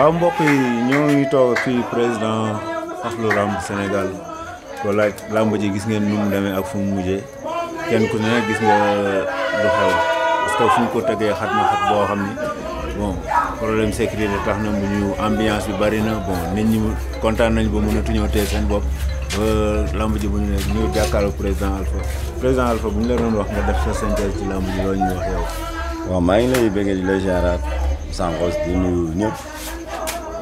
waaw mbokk yi ñoo ngi toog fii président Axlu Lamb Sénégal ko laaj lamb ji gis ngeen nu mu demee ak fu mu mujjee kenn ku ne gis nga du xew ko tegee xat na boo xam ni bon problème sécurité tax na mu ñu ambiance bi bari na bon nit ñi kontaan nañ ba mënatuñoo téye seen bopp ba lamb ji bu ñu ne ñu président Alpha président Alpha bu ñu la doon wax nga def sa synthèse ci lamb ji loolu ñu wax yow. waaw maa ngi lay bëgg di la ziaraat sànqos di nuyu ñëpp.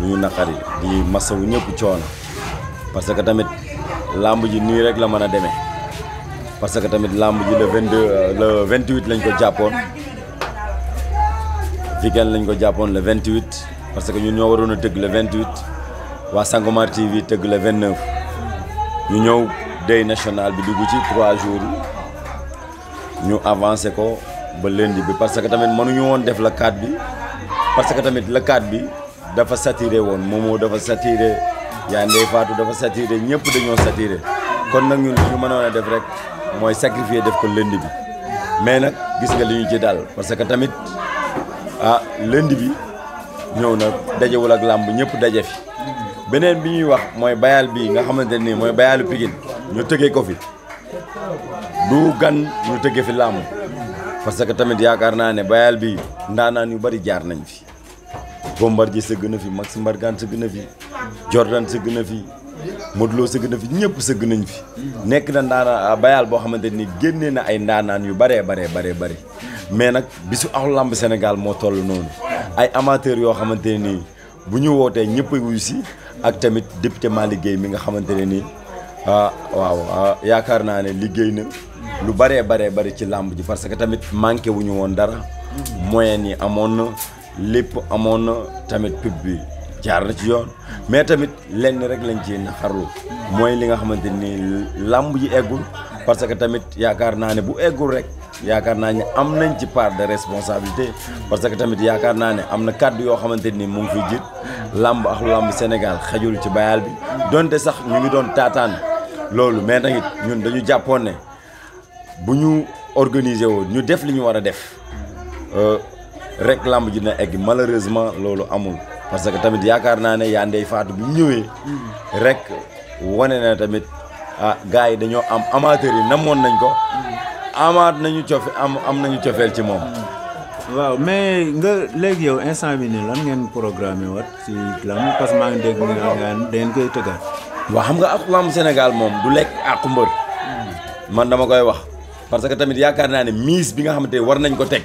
lu ñu naqari di masawu ñëpp coono parce que tamit làmb ji nii rek la mën a demee parce que tamit làmb ji le 22 le 28 lañ ko jàppoon weekend lañ ko jàppoon le 28 parce que ñu ñoo waroon a tëgg le 28 waa Sangomar TV tëgg le 29 ñu ñëw day national bi dugg ci 3 jours ñu avancé ko ba lundi bi parce que tamit mënuñu woon def la 4 bi parce que tamit la 4 bi. dafa satire won momo dafa satire yande fatou dafa satire ñepp dañu satire kon nak ñun ñu mënona def rek moy sacrifier def ko lendi bi mais nak gis nga liñu ci dal parce que tamit ah lendi bi ñew nak dajewul ak lamb ñepp dajé fi benen bi ñuy wax moy bayal bi nga xamanteni moy bayalu pigine ñu tege ko fi du gan ñu tege fi lamb parce que tamit yaakar na ne bayal bi ndana ñu bari jaar nañ fi Bombardier sëgg na fi Max Mbargane sëgg na fi Jordan sëgg na fi Modou sëgg na fi ñëpp sëgg nañ fi. nekk na ndaanaan ah, bayaal boo xamante ni génnee na ay ndaanaan yu bare baree baree mais nag bi bisu aw làmb Sénégal moo toll noonu ay amateurs yoo xamante ni bu ñu wootee ñëpp si ak tamit député Malick liggéey mi nga xamante ne nii ah, waaw ah, yaakaar naa ne liggéey na lu baree baree bëri ci làmb ji parce que tamit manqué wu ñu woon dara moyen yi amoon na. lépp amoon na tamit pub bi jaar na ci yoon mais tamit lenn rek lañ ci naxarlu mooy li nga xamante ni làmb ji eggul parce que tamit yaakaar naa ne bu eggul rek yaakaar naa ne am nañ ci part de responsabilité parce que tamit yaakaar naa ne am na kàddu yoo xamante ni mu ngi fi jiit làmb ak làmb Sénégal xajul ci bayal bi donte sax ñu ngi doon taataan loolu mais tamit ñun dañu jàppoon ne bu ñu organiser woon ñu def li ñu war a def euh, rek làmb ji na egg malheureusement loolu amul parce que tamit yaakaar naa ne yaa ndey faatu bi ñëwee rek wane na tamit ah gars yi dañoo am amateurs yi namoon nañ ko amaat nañu cofe am am nañu cofeel ci moom waaw mais nga léegi yow instant bi nii lan ngeen programmé wat si lan parce que maa ngi dégg ngaan dangeen koy tëggaat waaw xam nga ak làmb Sénégal moom du lekk àqu mbër man dama koy wax parce que tamit yaakaar naa ne mise bi nga xamante war nañ ko teg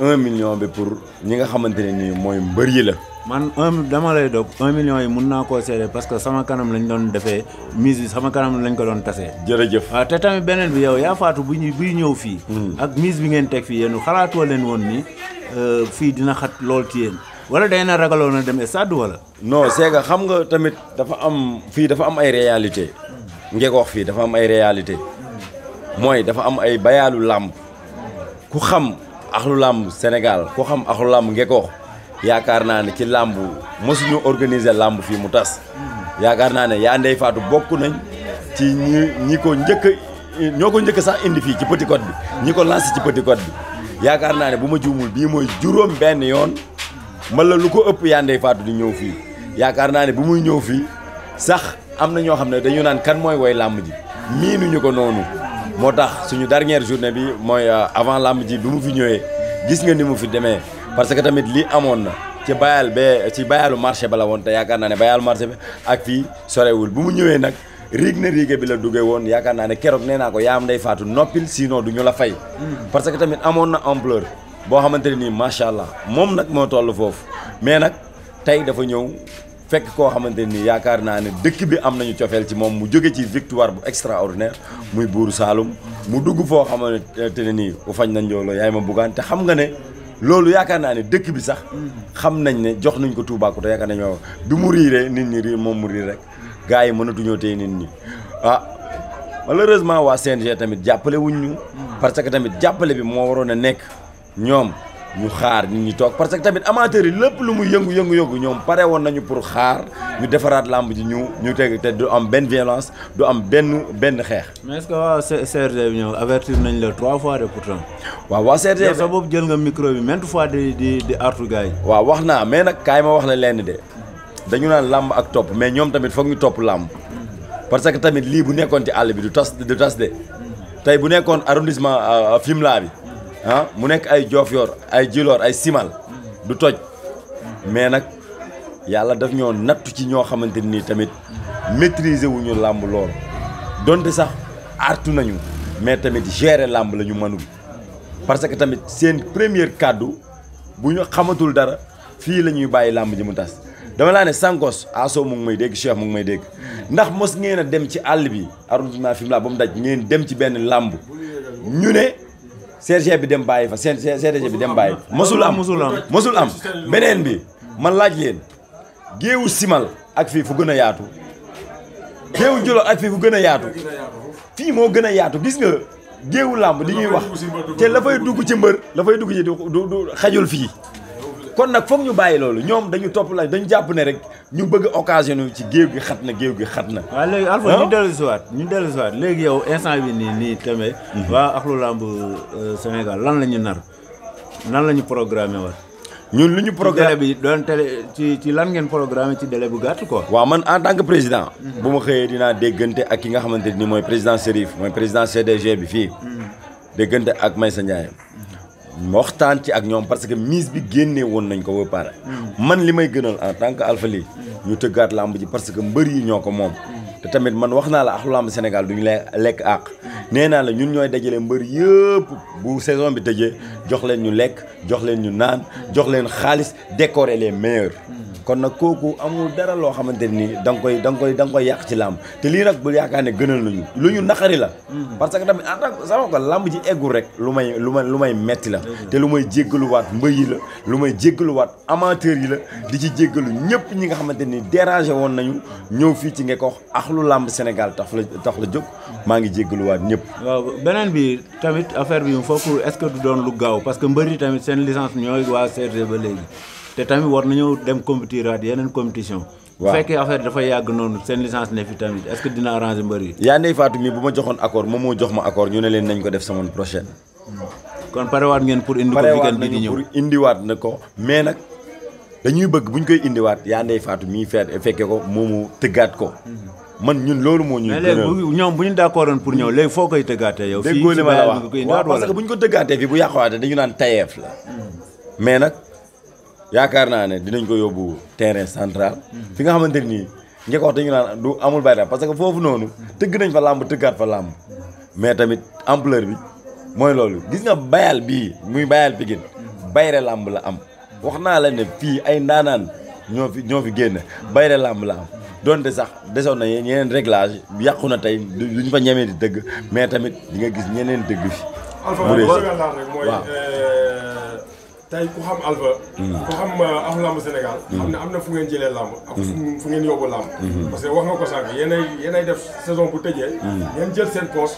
un million bi pour ñi nga xamante ne nii mooy mbër yi la. man un dama lay dog un million yi mun naa koo seede parce que sama kanam lañ doon defee mise bi sama kanam lañ ko doon tasee. jërëjëf waaw ah, te tamit beneen bi yow yaa faatu bu ñuy buy ñëw fii. Hmm. ak mise bi ngeen teg fii yéen xalaatoo leen woon ni euh, fii dina xat lool ci yéen. wala day na ragaloo na demee stade wala. noo c'est que xam nga tamit dafa am fii dafa am ay réalité ngeen fii dafa am ay réalité mooy dafa am ay bayaalu làmb axlu làmb Sénégal ko xam axlu làmb Ngekoox yaakaar naa ne ci làmb mosuñu organiser làmb fii mu tas yaakaar naa ne yaa ndey faatu bokk nañ ci ñi ñi ko njëkk ñoo ko njëkk sax indi fii ci Petite bi ñi ko lancé ci Petite bi yaakaar naa ne bu ma juumul bii mooy juróom benn yoon man la lu ko ëpp yaa ndey faatu di ñëw fii yaakaar naa ne bu muy ñëw fii sax am na ñoo xam ne dañu naan kan mooy woy làmb ji miinuñu ko noonu motax suñu dernière journée bi moy euh, avant lamb ji bi mu fi ñëwee gis nga ni mu fi démé parce que tamit li amon na ci bayal be ci bayalu marché bala won té yaaka yaakaar naa ne marché bi ak fii sorewul bu mu ñëwee nak rig na rigé bi la duggé won yaaka naa ne keroog nee naa ko yaam day faatu nopil sino duñu la fay. parce que tamit amon na ampleur bo xamanteni ne nii macha allah moom nag moo toll foofu mais nak tay dafa ñëw. fekk koo xamante ni yaakaar naa ne dëkk bi am nañu cofeel ci moom mu jóge ci victoire bu extraordinaire muy buur Saalum mu dugg foo xamante ne nii u fañ nañ njooloo yaay ma buggaan te xam nga ne loolu yaakaar naa ne dëkk bi sax xam nañ ne jox nañ ko Toubacouta yaakaar nañoo bi mu riiree nit ñi riir moom mu riir rek gars yi mënatuñoo téye nit ñi ah malheureusement waa CNG tamit jàppale wuñ ñu parce que tamit jàppale bi moo waroon a nekk ñoom ñu xaar nit ñu toog parce que tamit amateurs yi lépp lu muy yëngu yëngu yëngu ñoom pare woon nañu pour xaar ñu defaraat làmb ji ñu ñu teg te du am benn violence du am benn benn xeex. mais est-ce que waa bi ñëw avertir nañ la trois fois de pourtant. waaw waa CRG bi sa jël nga micro bi maintes fois di di di artu gars waaw wax naa mais nag kaay ma wax la leen de dañu naan làmb ak topp mais ñoom tamit foog ñu topp làmb parce que tamit lii bu nekkoon ci àll bi du tas du tas tey bu nekkoon arrondissement euh, Fimela bi. ah mu nekk ay Diofior ay Djilor ay Simal du toj mais nag yàlla daf ñoo nattu ci ñoo xamante nii tamit maîtriser wu ñu làmb lool donte sax artu nañu mais tamit gérer làmb la ñu mënul parce que tamit seen première kàddu bu ñu xamatul dara fii la ñuy bàyyi làmb ji mu tas dama laa ne Sangos Aso mu ngi may dégg Cheikh mu ngi may dégg ndax mos ngeen a dem ci àll bi arrondissement Fimela ba mu daj ngeen dem ci benn làmb ñu ne. CRG bi dem bàyyi fa CRG bi dem bàyyi fa mosul am mosul am mosul am beneen bi man laaj leen géewu simal ak fii fu gën a yaatu géewu jolo ak fii fu gën a yaatu fii moo gën a yaatu gis nga géewu làmb di ñuy wax te la fay dugg ci mbër la fay dugg ci du xajul fii kon nag foog ñu bàyyi loolu ñoom dañu topp la dañu jàpp ne rek ñu bëgg occasion ci géew gi xat na géew gi xat na. waaw léegi Alpha ñu ah? dellu si waat ñu dellu si léegi yow instant bi nii nii tamit. Mhm. waa Ahlou Lamb euh, Sénégal lan la ñu nar lan la ñu programmé waat. ñun lu ñu programme bi doon télé ci ci lan ngeen programme ci délai bu gàtt quoi. waa man en tant que président. Mhm. bu ma xëyee dinaa déggante ak ki nga xamante ni mooy président Serif mooy président CDG bi fii. Mhm. déggante ak Maysa Ndiaye. waxtaanti ak ñoom parce que mise bi génne woon nañ ko ba pare man li may gënal en tant que alphali ñu tëggaat làmb ji parce que mbër yi ñoo ko moom te tamit man wax naa la ak làmb sénégal duñ lee lekk àq nee naa la ñun ñooy dajale mbër yëpp bu saison bi tëjee jox leen ñu lekk jox leen ñu naan jox leen xaalis décoré les meilleurs kon nag kooku amul dara loo xamante nii da nga koy da koy da nga yàq ci làmb te lii nag bu yaakaar ne gënal nañu lu ñu naqari la mm-hmm. parce que tamit en tant sama ko làmb ji eggul rek lu may lu may lu may metti la te lu may jéggaluwaat mbëy yi la lu may jéggaluwaat amateur yi la di ci jéggalu ñëpp ñi nga xamante ni dérangé woon nañu ñëw fii ci Ngeko ak lu làmb Sénégal tax la tax la jóg maa ngi jéggaluwaat ñëpp waaw beneen bi tamit affaire bi foofu est-ce que du doon lu gaaw parce que mbëri tamit seen licence ñooy waa CRG ba léegi te tamit war nañoo dem compétir waat bu fekkee affaire dafa yàgg noonu seen licence ne fi tamit est dina arranger mbër yi. yaa ndey Fatou mi bu ma joxoon accord moom moo jox ma accord ñu ne leen nañ ko def semaine prochaine. kon parewaat ngeen pour indi ko bi di ñëw pour ñu koy bu ñu d'accord woon pour ñëw léegi foo koy tëggaatee yow. fii ci ma la wax parce que bu ñu ko tëggaatee fii bu yàqawaatee dañu naan tayeef la hmm. mais nag yaakaar naa ne dinañ ko yóbbu terrain central. fi nga xamante nii ñi ko wax du amul baykat parce que foofu noonu. tëgg nañ fa làmb tëggaat fa làmb. mais tamit ampleur bi mooy loolu gis nga bayal bii muy bayal Pikine bayre làmb la am. wax naa la ne fii ay ndaanaan ñoo fi ñoo fi génn bayre làmb la am donte sax desoon na ñeneen réglage yàqu na tey ñu fa ñemee di dëgg mais tamit di nga gis ñeneen dëgg fi. mu tey ku xam Alpha. Mm. ku xam euh, ak làmb Sénégal. Mm. xam ne am na fu ngeen jëlee làmb. ak fu mm. ngeen yóbbu làmb. Mm-hmm. parce que wax nga ko sànq yéenay yéenay def saison bu tëjee. ngeen jël seen poche.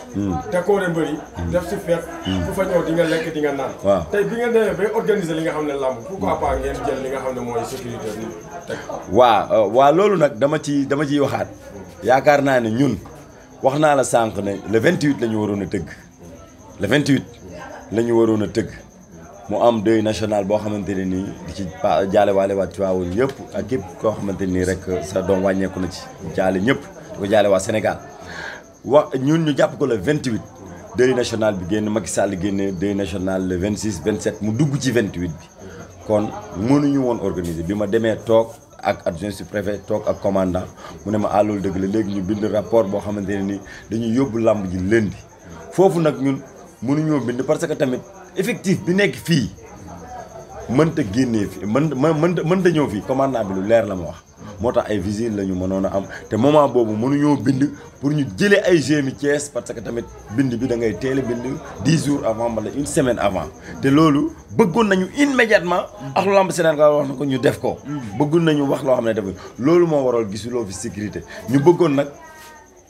décorer mbër yi. def si fête. ku fa ñëw di nga lekk di nga naan. waaw tey bi ngeen demee bay organiser li nga xam ne làmb pourquoi pas ngeen jël li nga xam ne mooy sécurité bi teg. waaw euh, waaw loolu nag dama ci dama ciy waxaat. yaakaar naa ne ñun wax naa la sànq ne le 28 la ñu waroon a tëgg. le waroon a tëgg. mu am deuil national boo xamante ne nii di ci jaale waale waa Tivaouane yëpp ak képp koo xamante nii rek sa doom wàññeeku na ci jaale ñëpp di ko jaale waa Sénégal wa ñun ñu jàpp ko le 28 deuil national bi génn Macky Sall génne deuil national le 26 27 mu dugg ci 28 bi kon mënuñu woon organiser bi ma demee toog ak adjoint su préfet toog ak commandant mu ne ma àlloolu ah, dëgg léegi ñu bind rapport boo xamante ne ni dañuy yóbbu làmb ji lundi foofu nag ñun mënuñoo bind parce que tamit effectif bi nekk fii mënta génnee fii mën mënta mënta ñëw fii commandant bi lu leer la ma wax moo tax ay visite la ñu mënoon a am te moment boobu mënuñoo bind pour ñu jëlee ay GMI Thiès parce que tamit bind bi da ngay teel a bind dix jours avant wala une semaine avant te loolu bëggoon nañu in immédiatement ak lamb Sénégal wax na ko ñu def ko bëggoon nañu wax loo xam ne def loolu moo waroon gisuloo fi sécurité ñu bëggoon nag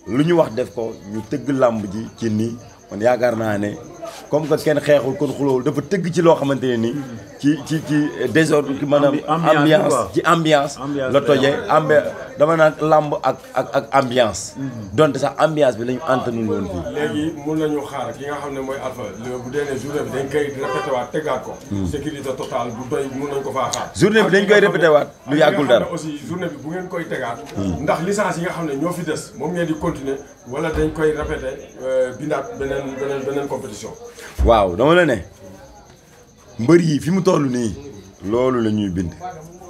lu ñu wax def ko ñu tëgg làmb ji ci nii man yaakaar naa ne comme que ken xexul kon xuloowul dafa tëgg ci lo xamanteni ni ci ci ci désordre ki manam ambiance ci ambiance la tojee ambi dama naan lamb ak ak ak ambiance mhm. donte sax ambiance bi lañu ñu antanul woon fii léegi mun nañu xaar ki nga xam moy mooy alpha bu dee ne journée bi dañ koy répété waat tëggaat ko mhm. sécurité totale bu doy mën nañ ko fa xaar journée bi dañ koy répété waat lu yagul dara aussi journée bi bu ngeen koy tëggaat mhm. ndax licence yi nga xam ne ñoo fi des moom ngeen di continuer wala dañ koy répété euh, bindat benen benen beneen compétition waaw dama la ne mbër yi fi mu toll nii loolu la ñuy bind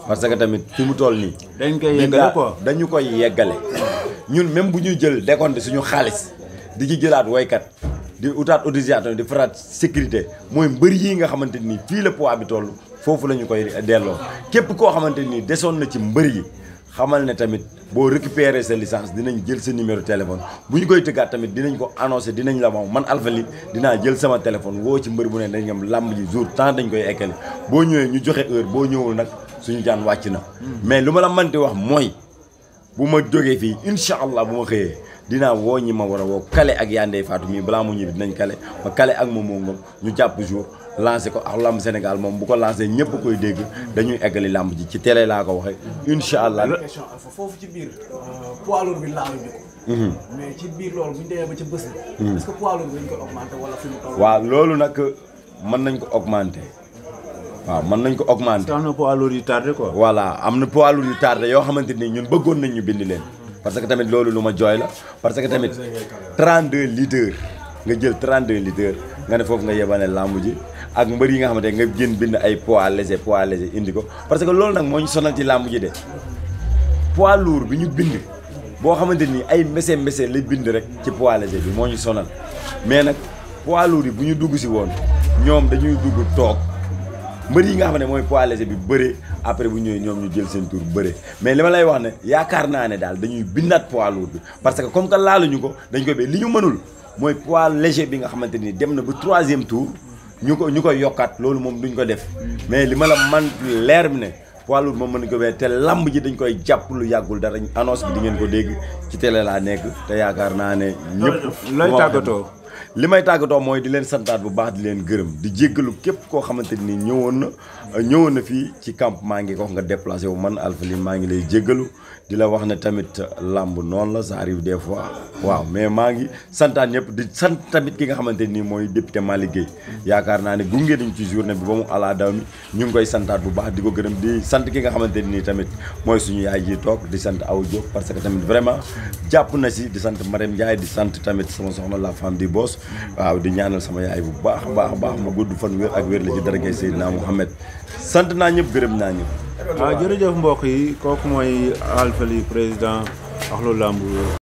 parce que tamit fi mu toll nii. dañ koy yeggale quoi dañu koy yeggale. ñun même bu ñuy jël décompte suñu xaalis di ci jëlaat woykat di utaat autorisation di faraat sécurité mooy mbër yii nga xamante nii fii la poids bi toll foofu la ñu koy delloo képp koo xamante nii desoon na ci mbër yi. xamal ne tamit boo récupérer sa licence dinañ jël sa numéro téléphone bu ñu koy tëggaat tamit dinañ ko annoncé dinañ la moom man Alpha Lit dinaa jël sama téléphone woo ci mbër bu nee dañ am làmb ji jour temps dañ koy ekkali boo ñëwee ñu joxe heure boo ñëwul nag suñu jaan wàcc na mais lu ma la mënti wax mooy bu ma jógee fii incha allah bu ma xëyee dina woo ñi ma war a woo kale ak Yandey Fatou mii balaa mu ñibbi dinañ kale ma kale ak moom moom ñu jàpp jour lancé ko ak lamb Sénégal moom bu ko lancé ñëpp koy dégg dañuy eggali lamb ji ci télé laa ko waxee incha allah. question alpha foofu ci biir euh, poids lourd bi laaluñu mhm. loolu bu mhm. nag mën nañ ko augmenté. waaw mën nañ ko augmenter. am na poids yu tardé quoi. voilà am na poids yu tardé yoo xamante ni ñun bëggoon nañ ñu bind leen. parce que tamit loolu lu ma jooy la parce que tamit 32 litres nga jël 32 litres nga ne foofu nga yebane lamb ji. ak mbër yi nga xamante nga génn bind ay poids léger poids léger indi ko parce que loolu nag moo ñu sonal ci làmb ji de poids ñu bind boo xamante ni ay mbese mbese la bind rek ci poids léger bi moo ñu sonal mais nag poids lourd bu ñu dugg si woon ñoom dañuy dugg toog mbër yi nga xam ne mooy poids léger bi bëre après bu ñëwee ñoom ñu jël seen tour bëre mais li ma lay wax ne yaakaar naa ne daal dañuy bindaat poids lourd bi parce que comme que ñu ko dañ koy ba li ñu mënul mooy poids léger bi nga xamante ni dem na ba troisième tour ñu ko ñu koy yokkaat loolu moom duñ ko def mais li ma la man leer bi ne poids lourd moom mën ko wee te làmb ji dañ koy jàpp lu yàggul dara annonce bi di ngeen ko dégg ci télé laa nekk te yaakaar naa ne ñëpp looy tàggatoo li may tàggatoo mooy di leen santaat bu baax di leen gërëm di jéggalu képp koo xamante ni ñëwoon na ñëwoon na fii ci camp maa ngi ko wax nga déplacé wu man Alpha Ly maa ngi lay jéggalu di la wax ne tamit làmb noonu la ça arrive des fois waaw mais maa ngi santaat ñëpp di sant tamit ki nga xamante nii mooy te Malick Gueye yaakaar naa ne gunge nañ ci journée bi ba mu alaa mi ñu ngi koy santaat bu baax di ko gërëm di sant ki nga xamante nii tamit mooy suñu yaay ji toog di sant aw Diop parce que tamit vraiment jàpp na si di sant Marème Ndiaye di sant tamit sama soxna la femme di boss waaw di ñaanal sama yaay bu baax baax baax ma gudd fan wér ak wér la ci dara ngay Seydina Mouhamed sant naa ñëpp gërëm naa ñëpp. waaw ah, jërëjëf mbokk yi kooku mooy Alfali président Ahlou Lamb